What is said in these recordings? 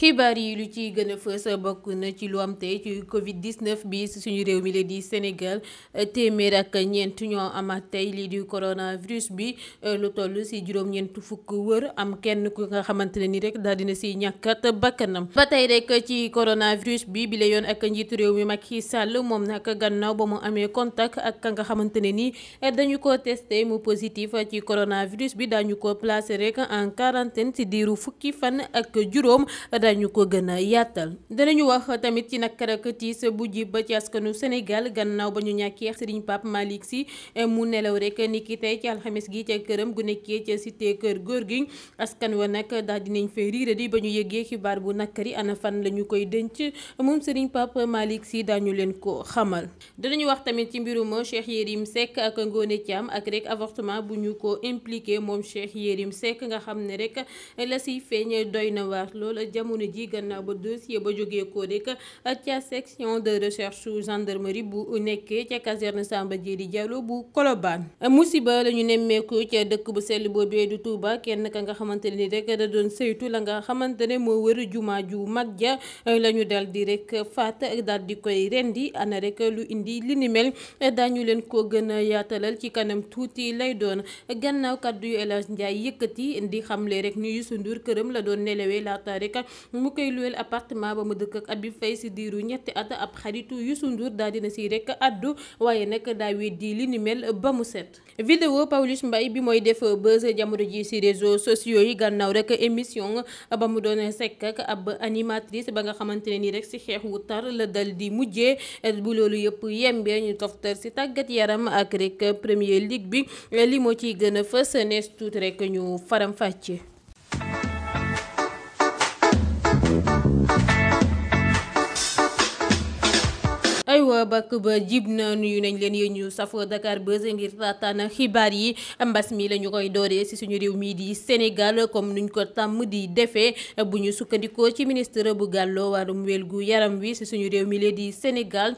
xibaar yi lu ci gën a fës bokk na ci lu am tey ci Covid 19 bi suñu réew mi la di Sénégal téeméer ak ñeent ñoo amaat tey lii di coronavirus bi lu toll si juróom-ñeent fukk wër am kenn ku nga xamante ne ni rek daal dina si ñàkkat bakkanam ba tey rek ci coronavirus bi bi la yoon ak njiitu réew mi Macky Sall moom nag gannaaw ba mu amee contact ak ka nga xamante ne ni dañu ko testé mu positif ci coronavirus bi daañu ko placé rek en quarantaine si diiru fukki fan ak juróom. danañu ko gën a yaatal danañu wax tamit ci nag rek tiis bu jib ci askanu Sénégal gannaaw ba ñu ñàkkee Serigne Pape Malick Sy mu nelaw rek ni ki tey ci alxames gi ca këram gu nekkee ca cité kër góor gi askan wa nag daal dinañ fay riire di ba ñu yëgee xibaar bu nakkari ana fan la ñu koy denc moom Serigne Pape Malick Sy daañu leen ko xamal danañu wax tamit ci mbirum Cheikh Yérim Seck ak Ngone Thiam ak rek avortement bu ñu ko impliqué moom Cheikh Yérim Seck na waar jamono ji gannaaw ba dossier ba jógee koo rek ca section de recherche gendarmerie bu nekkee ca caserne Samba Diéry Diallo bu Colobane musiba la ñu nemmeeku ca dëkk bu sell boobee du Touba kenn ka nga xamante ni rek da doon saytu la nga xamante ne moo wër jumaa ju mag ja la ñu dal di rek faat daal di koy rendi ana rek lu indi li ni mel daañu leen ko gën a yaatalal ci kanam tuuti lay doon gannaaw yu El Hadj yëkkati di xamle rek ni Youssou Ndour këram la doon nelawee mu koy luweel appartement ba mu dëkk ak Habib Faye si diiru ñetti at ab xaritu Youssou Ndour daal dina siy rek addu waaye nag daa weddi li ni mel ba mu set. vidéo Pawlish mbay bi mooy def buzz jamono ji si réseaux sociaux yi gannaaw rek émission ba mu doon sekk ak ab animatrice ba nga xamante ne nii rek si xeex wu tar la dal di mujjee bu loolu yëpp yembee ñu toftal si tàggat yaram ak rek Premier League bi li moo ciy gën a fës nees tuuti rek ñu faram fàcce bakk ba jib na nuyu nañ leen yéen ñu safoo Dakar Buzz ngir taataan xibaar yi mbas mi la ñu koy dooree ci suñu réew mii di Sénégal comme nuñ ko tàmm di defee bu ñu sukkandikoo ci ministre bu gàlloo wàllum wér yaram wi ci suñu réew mi la di Sénégal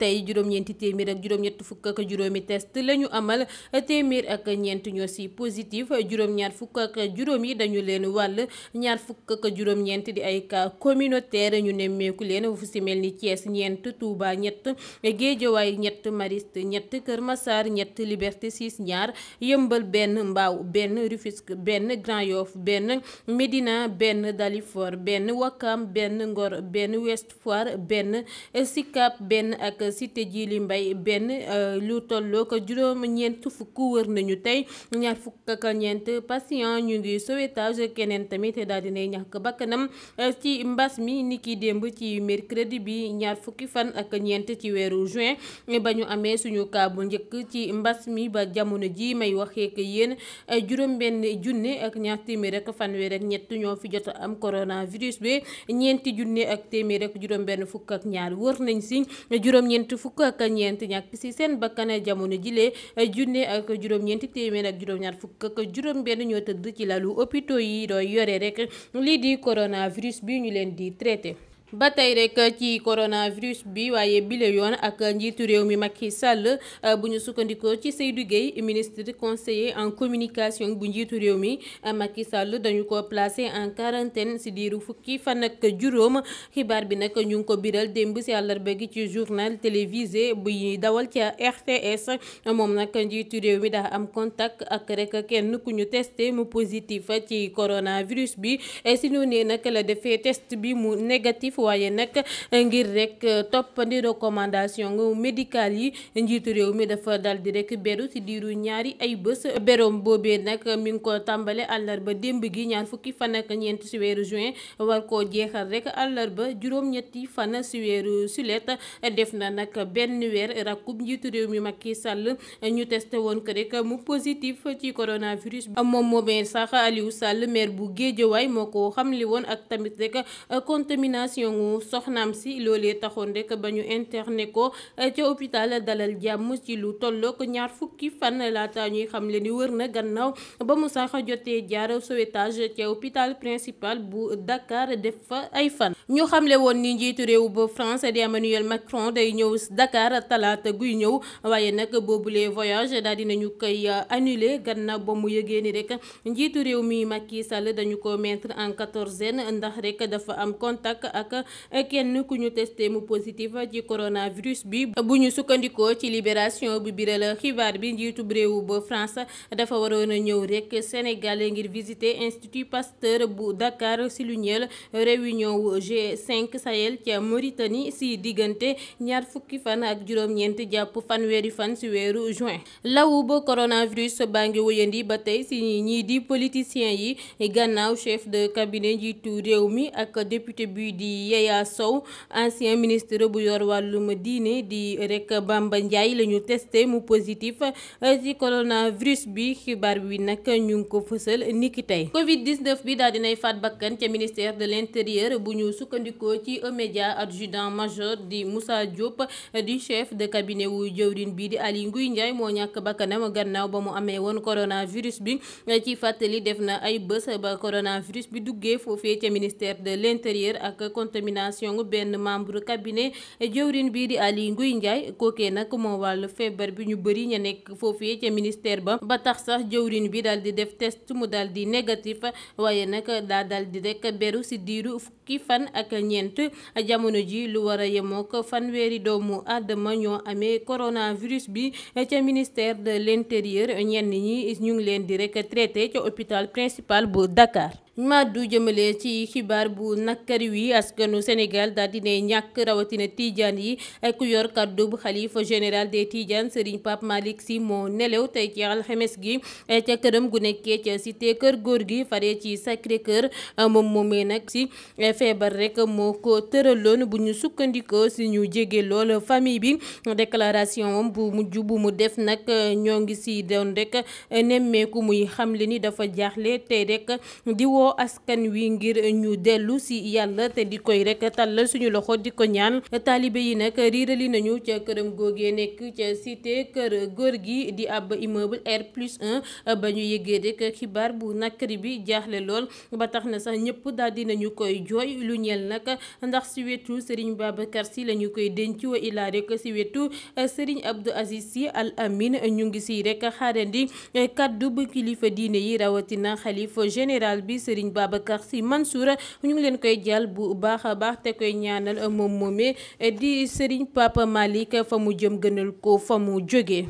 tey juróom-ñeenti téeméer ak juróom-ñett fukk ak juróomi test la ñu amal téeméer ak ñeent ñoo ci positif juróom-ñaar fukk ak juróom yi dañu leen wàll ñaar fukk ak juróom-ñeent di ay cas communautaire ñu nemmeeku leen fu ci mel ni Thiès ñeent Touba ñett E Géejawaay ñett Mariste ñett Kër Massar ñett Liberté 6 ñaar Yëmbal benn Mbaaw benn Rufisque benn Grand Yoff benn Médina benn Dalifort benn Wakam benn Ngor benn Ouest Foire benn Sicap benn ak site Cité li mbay benn euh, lu tolloo ko juróom ñeent fukk wër nañu tey ñaar fukk ak ñeent patient ñu ngi sauvetage keneen tamit daal dinay ñàkk bakkanam euh, ci mbas mi niki démb ci mercredi bi ñaar fukki fan ak ñeent ci weer weeru juin ba ñu amee suñu cas bu njëkk ci mbas mi ba jamono ji may waxee ak yéen juróom-benn junne ak ñaar téeméer ak fanweer ak ñett ñoo fi jot am coronavirus bi ñeenti junne ak téeméer ak juróom-benn fukk ñaar wër nañ si juróom fukk ñeent ñàkk si seen bakkan jamono jilee junne ak juróom téeméer ak fukk juróom-benn ñoo tëdd ci lalu hôpitaux yi dooy yore rek lii di coronavirus bi ñu leen di traité. ba tey rek ci coronavirus bi waaye bile yoon ak njiitu réew mi Macky Sall euh, bu ñu sukkandikoo ci Seydou Gueye ministre conseiller en communication bu njiitu réew mi euh, Macky Sall dañu ko placé en quarantaine si diiru fukki fan ak juróom xibaar bi nag ñu ngi ko biral démb si àllarba gi ci journal télévisé bi dawal ci RTS moom nag njiitu réew mi daa am contact ak rek kenn ku ñu testé mu positif ci coronavirus bi si noonee nag la defee test bi mu waaye nag ngir rek eh, toppandi recommandation médical yi njiitu réew mi dafa dal di rek beru ci diiru ñaari ay bés beroom boobee nag mi ngi ko tàmbale àllarba démb gi ñaar fukki fan ñeent ci weeru juin war koo jeexal rek àllarba juróom-ñetti fan ci weeru def na nag benn weer rakkub njiitu réew mi Macky Sall ñu testé woon ko rek mu positif ci coronavirus moom moomee sax Aliou Sall maire bu Guédiawaye moo ko xamli woon ak tamit rek contamination bakkanu soxnaam si loolee taxoon rek ba ñu interné ko eh, ca hôpital dalal jàmm ci lu tollook ñaar fukki fan laata ñuy xam le ni wër na gannaaw ba mu sax jotee jaar sauvetage ca hôpital principal bu Dakar def fa ay fan. ñu xamle woon ni njiitu réew ba France di Emmanuel Macron day ñëw dakaar talaata guy ñëw waaye nag boobule voyage daal dinañu koy eh, annulé gannaaw ba mu yëgee ni rek njiitu réew mi Macky dañu ko mettre en quatorzaine ndax rek dafa kenn ku ñu testé mu positif ci coronavirus bi bu ñu sukkandikoo ci libération bu biral xibaar bi njiitub réew ba France dafa waroon a ñëw rek Sénégal ngir visiter Institut Pasteur bu Dakar si lu ñeel réunion wu G5 Sahel ca si diggante ñaar fukki fan ak jàpp fanweeri fan juin lawu ba coronavirus njiitu réew mi ak député bi di Yaya Sow ancien ministre bu yor wàllu wàllum diine di rek Bamba ba la lañu testé mu positif euh, ci coronavirus bi xibaar bi nag ñu ngi ko fësal niki tey Covid 19 bi daal dinay faat bakkan ca ministère de l'intérieur bu ñu sukkandikoo ci E-Média adjudant major di Moussa Diop di chef de cabinet wu jëwrin bii di Aly Ngouille Ndiaye moo ñàkk bakkanam gannaaw ba mu amee woon coronavirus bi ci fàttali def na ay bés ba coronavirus bi duggee foofee ca ministère de l'intérieur contamination benn membre cabinet e jëwrin bii di Aly Ngouille Ndiaye kookee nag moo wàll feebar bi ñu bëri ña nekk foofee ca ministère ba ba tax sax jëwrin bi daal di def test mu daal di négatif waaye nag daa daal di rek beru si diiru fukki fan ak ñeent jamono ji lu war a yemoo ko fanweeri doomu aadama ñoo amee coronavirus bi ca ministère de l'intérieur ñenn ñi ñu ngi leen di rek traité ca hôpital principal bu Dakar maddu jëmale ci xibaar bu nakkari wi askanu senegal daal di ne ñàkk rawatina Tidiane yi ak ku yor kàddu bu xalifa général des Tidiane Serigne Pape Malick Sy moo nelaw tey ci alxames gi eh, ca këram gu nekkee ca cité kër góor gi fare ci Sacré kër eh, moom moomee nag si eh, feebar rek moo ko tëraloon bu ñu sukkandikoo si ñu jege lool famille bi déclaration moom bu mujj bu mu def nag ñoo ngi si doon rek nemmeeku muy xamle ni dafa jaaxle tey rek woo askan wi ngir ñu dellu si yàlla te di koy rek tàllal suñu loxo di ko ñaan taalibe yi nag riirali nañu ca këram googee nekk ca cité kër góor gi di ab immeuble R plus 1 ba ñu yëgee rek xibaar bu nakari bi jaaxle lool ba tax na sax ñëpp daal nañu koy jooy lu ñeel nag ndax si wetu Serigne Babacar Sy la ñu koy denc wa ilaa rek si wetu Serigne Abdou Aziz Sy Al Amin ñu ngi si rek xaarandi kaddu bu kilifa diine yi rawatina xalifa général bi Serigne Babacar Sy Mansour ñu ngi leen koy jàll bu baax a baax te koy ñaanal moom moomee di Serigne Papa Malick fa mu jëm gënal ko fa mu jógee.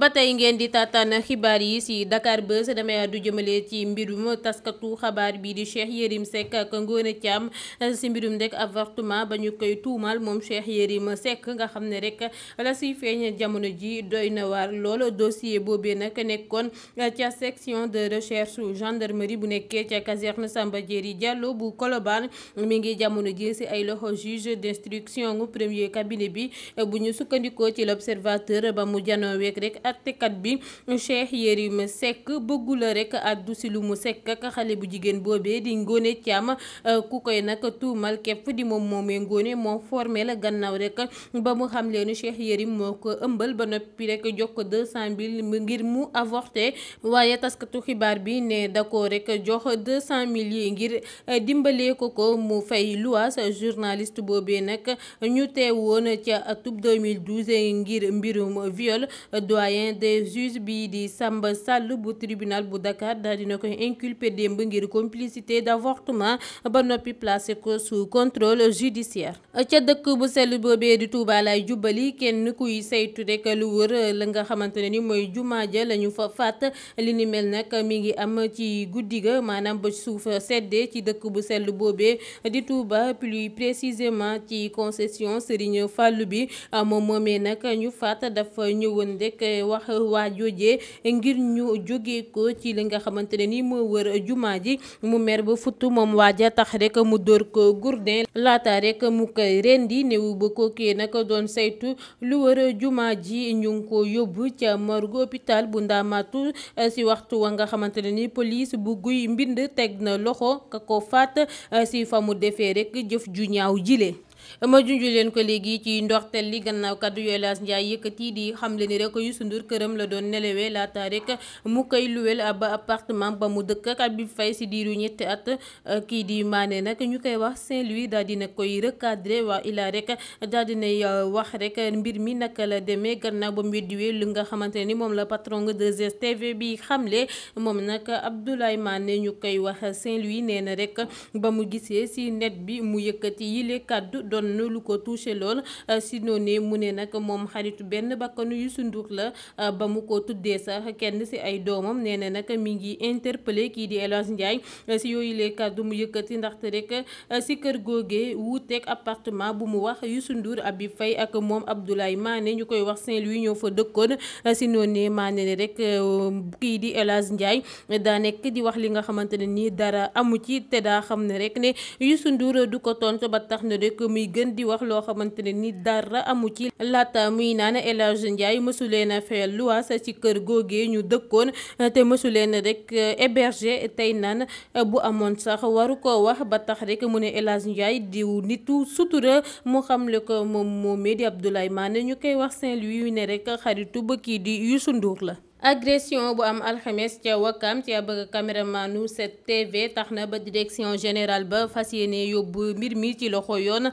ba tey ngeen di taataan xibaar yi si Dakar Buzz damay du jëmale ci mbirum taskatu xabaar bi di Cheikh Yérim Seck ak Ngone Thiam si mbirum rek avortement ba ñu koy tuumal moom Cheikh Yérim Seck nga xam ne rek la si feeñ jamono ji doy na waar lool dossier boobee nag nekkoon ca section de recherche gendarmerie bu nekkee ca Cheikhna Samba Diéry Diallo bu Colobane mi ngi jamono ji ci ay loxo juge d'instruction gu premier cabinet bi bu ñu sukkandikoo ci l'observateur ba mu janooweek rek attekat bi Cheikh Yérim Seck bëggula rek àddu si lu mu sekk ak xale bu jigéen boobee di Ngoné Thiam ku koy nag tuumal kepp di moom moomee ngoone moo formé la gannaaw rek ba mu xam leen Cheikh Yérim moo ko ëmbal ba noppi rek jox ko deux cent ngir mu avorté waaye taskatu xibaar bi ne da cent mille yi ngir eh, dimbalee ko ko mu fay luwaas journaliste boobee nag ñu teewoon ca atub 2012 ngir mbirum viol doyen des juges bi di Samba Sall bu tribunal bu Dakar daal ko koy inculpé démb ngir complicité d'avortement ba noppi placé ko sous judiciaire ca dëkk bu sell boobee di Touba lay jubbali kenn kuy saytu rek lu wër la nga xamante ni mooy jumaa ja la fa faat li mel nag mi am ci guddi ga maanaam ba suuf seddee ci dëkk bu sell boobee di Touba plus précisément ci concession Serigne fàll bi moom moomee nag ñu faat dafa ñëwoon rek wax waa joojee ngir ñu jóge ko ci li nga xamante ne ni moo wër jumaa ji mu mer ba futt moom waaja tax rek mu dóor ko gourdin laata rekk mu koy rendi néew ba kookee nag doon saytu lu wër jumaa ji ñu ngi ko yóbbu ca morgue hôpital bu Ndaamaatu si waxtu wa nga xamante ni police bu guy mbind teg teg na loxo ka ko faat eh, si fa mu defee rek jëf ju ñaaw jile ma junj leen ko léegi ci ndorteel li gannaaw kaddu yooyu Lass Ndiaye yëkkati di xamle ni rek Youssou Ndour këram la doon nelawee laata rek mu koy luweel ab appartement ba mu dëkk ak bi fay si diiru ñetti at kii di maane nag ñu koy wax Saint-Louis daal na koy recadré waa ilaa rek daal dinay euh, wax rek mbir mi naka la demee gannaaw ba mu weddiwee lu nga xamante ni moom la patron de 2STV bi xamle moom nag Abdoulaye Mané ñu koy wax Saint-Louis nee na rek ba mu gisee si net bi mu doon lu ko touché lool euh, si noonu mu ne nag moom xaritu benn bakkanu Youssou nduur la euh, ba mu ko tuddee sax kenn si ay doomam nee na nag mi ngi interpellé kii di El Hadj euh, si yooyu les kàddu mu yëkkati ndaxte rek si kër googee wuuteeg appartement bu mu wax Youssou Ndour Habib Faye ak moom Abdoulaye Mané ñu koy wax Saint-Louis ñoo fa dëkkoon si noonu Mané ne rek kii di El Ndiaye daa nekk di wax li nga xamante ne nii dara amu ci te daa xam ne rek ne Youssou Ndour du ko tontu ba tax na rek mi muy gën di wax loo xamante ne ni dara amu ci laata muy naan El Hadj Ndiaye mësu leen a fayal luwaas ci kër googee ñu dëkkoon te mësu leen rek eh, héberger tey naan eh, bu amoon sax waru ko wax ba tax rek mu ne El Hadj Ndiaye diw nitu sutura mu xamle ko moom moomee di Abdoulaye Mané ñu koy wax Saint-Louis ne rek xaritu ba kii di Youssou Ndour la. agression bu am alxames ca wakam ci ab caméramanu 7TV tax na ba direction générale ba fas yéene yóbbu mbir mi ci loxo yoon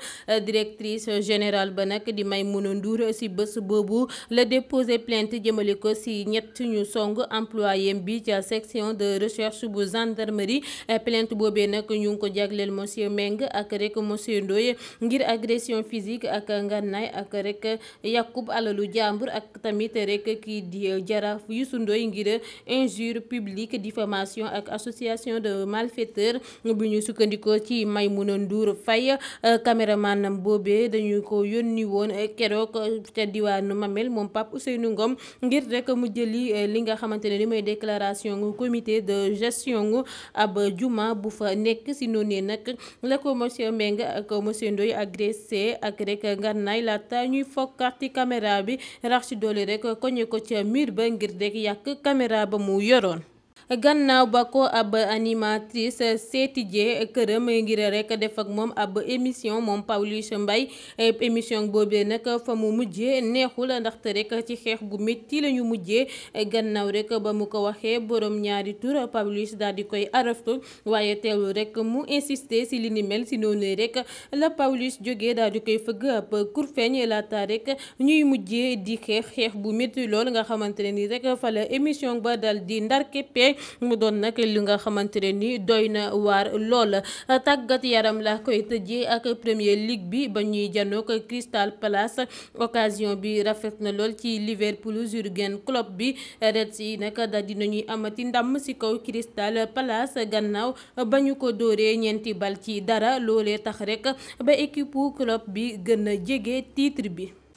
directrice général ba nag di may Maimouna Ndour si bés boobu la déposé plainte jëmale ko si ñett ñu song employé bi ca section de recherche bu gendarmerie plainte boobee nag ñu ko jagleel monsieur Meng ak rek monsieur Ndoye ngir agression physique ak ngànnaay ak rek yàqub alalu jàmbur ak tamit rek kii jaraaf Youssou Ndoye ngir injure publique diffamation ak association de malfaiteurs bu ñu sukkandikoo ci may Maymouna Ndour Faye caméraman boobee dañu ko yónni woon keroog ca diwaanu Mamel moom Pape Ousseynou Ngom ngir rek mu jëli eh, li nga xamante ne li may déclaration comité de gestion ab juma bu fa nekk si noonu nag la ko monsieur Mbengue ak monsieur Ndoye agressé ak rek ngannaay laata ñuy fokkaati caméra bi rax ci doole rek koñe ko ca mur ba ngir yàq caméra ba mu yoroon gannaaw ba ko ab animatrice seeti jee këram ngir rek def ak moom ab émission moom Pawlish mbay émission boobee nag fa mu mujjee neexul ndaxte rek ci xeex bu métti la ñu mujjee gannaaw rek ba mu ko waxee borom ñaari tur Pawlish daal di koy araftu waaye teewlu rek mu insister si li mel si noonu rek la Pawlish jógee daal di koy fëgg ab kurfeñ laata rek ñuy mujjee di xeex xeex bu métti lool nga xamante ne ni rek fa la émission ba dal di ndar mu doon nag li nga xamante ne ni doy na waar lool tàggat yaram la koy tëjee ak Premier League bi ba ñuy janoo ko Crystal Palace occasion bi rafet na lool ci Liverpool Jurgen Klopp bi Reds yi nag daal dinañuy amati ndam si kaw Crystal Palace gannaaw ba ñu ko dooree ñeenti bal ci dara loolee tax rekk ba équipe Klopp bi gën a jege tiitre bi